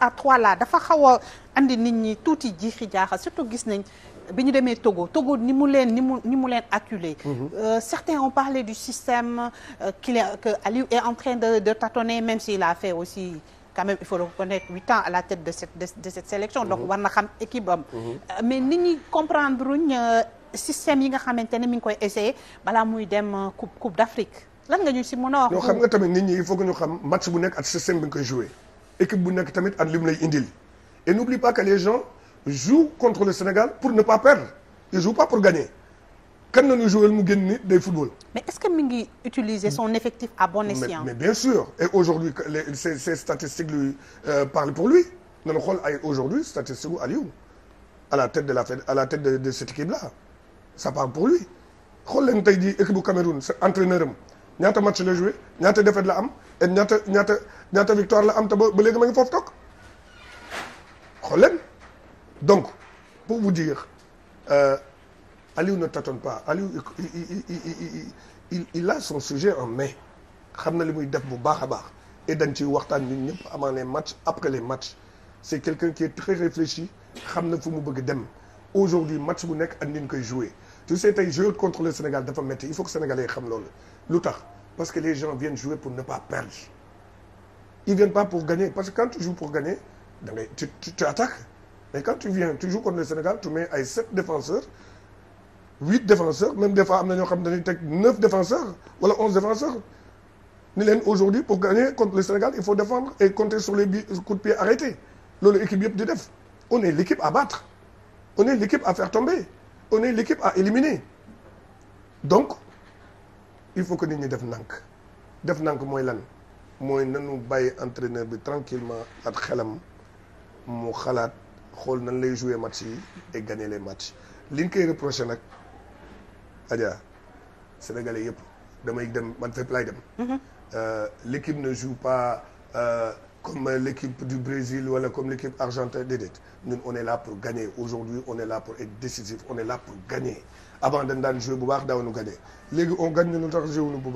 à trois dafa xaw indi nit ñi tuuti jiixi jaaxal surtout gis nañ bi ñu demee Togo Togo ni mu leen ni mu ni mu leen acculé. Mm-hmm. Euh, certains ont parlé du système euh, qu'il est que Aliou est en train de de tâtonner même s'il fait aussi quand même il faut le huit ans à la tête de cette de, de cette sélection donc mm-hmm. war na xam équipe am. Mm-hmm. Euh, mais nit ñi comprendre uñ euh, système yi nga xamante ne mu ngi koy essayer balaa muy dem coupe coupe d'Afrique lan nga ñu si mën a wax. non xam nga tamit nit ñi il faut que ñu match bu nekk ak système bi koy jouer équipe bu nekk tamit ak li mu lay indil et n'oublie pas que les gens jouent contre le Sénégal pour ne pas perdre ils jouent pas pour gagner kan la ñuy jouer mu génn nit mais est-ce que mi ngi utiliser son effectif à bon escient. mais, bien sûr et aujourd'hui ces statistiques lui euh, parlent pour lui nañu xool ay aujourd'hui statistique gu Aliou à la tête de la à la tête de de cette équipe là ça parle pour lui xool leen tey jii équipe bu Cameroun sa ñaata match la joué ñaata défaite la am et ñaata ñaata ñaata victoire la am ta ba léegi ma ngi foofu toog donc pour vous dire euh, Aliou ne tâtonne pas Aliou il il, il, il il a son sujet en main xam na li muy def bu baax a baax et dañ ciy waxtaan ñun ñëpp avant les matchs après les matchs c'est quelqu'un qui est très réfléchi xam na fu mu bëgg dem aujourd'hui match bu nekk ak ni ñu koy jouer tu sais tey jouer contre le Sénégal dafa métti il faut que sénégalais yi xam loolu lu tax parce que les gens viennent jouer pour ne pas perdre ils viennent pas pour gagner parce que quand tu joues pour gagner da ngay tu, tu, tu attaques mais quand tu viens tu joues contre le Sénégal tu mets ay sept défenseurs huit défenseurs même des fois am na ñoo xam dañuy teg neuf défenseurs wala onze défenseurs ni leen aujourd'hui pour gagner contre le Sénégal il faut défendre et compter sur les coups de yëpp di def on est à battre on est l'équipe à faire tomber on est l'équipe à donc il faut que nit ñi def nànk def nànk mooy lan mooy nanu bàyyi entraîneur bi tranquillement ak xelam mu xalaat xool nan lay jouer match yi et gagner les matchs li ñu koy reproché nag Adja sénégalais yëpp damay dem man fépp laay dem mm-hmm. euh, l'équipe ne joue pas euh, comme l'équipe du Brésil wala comme l'équipe argentine déedéet ñun on est là pour gagner aujourd'hui on est là pour être décisif on est là pour gagner avant dañ daan jouer bu baax daawuñu gagner léegi on gagne lu tax jouer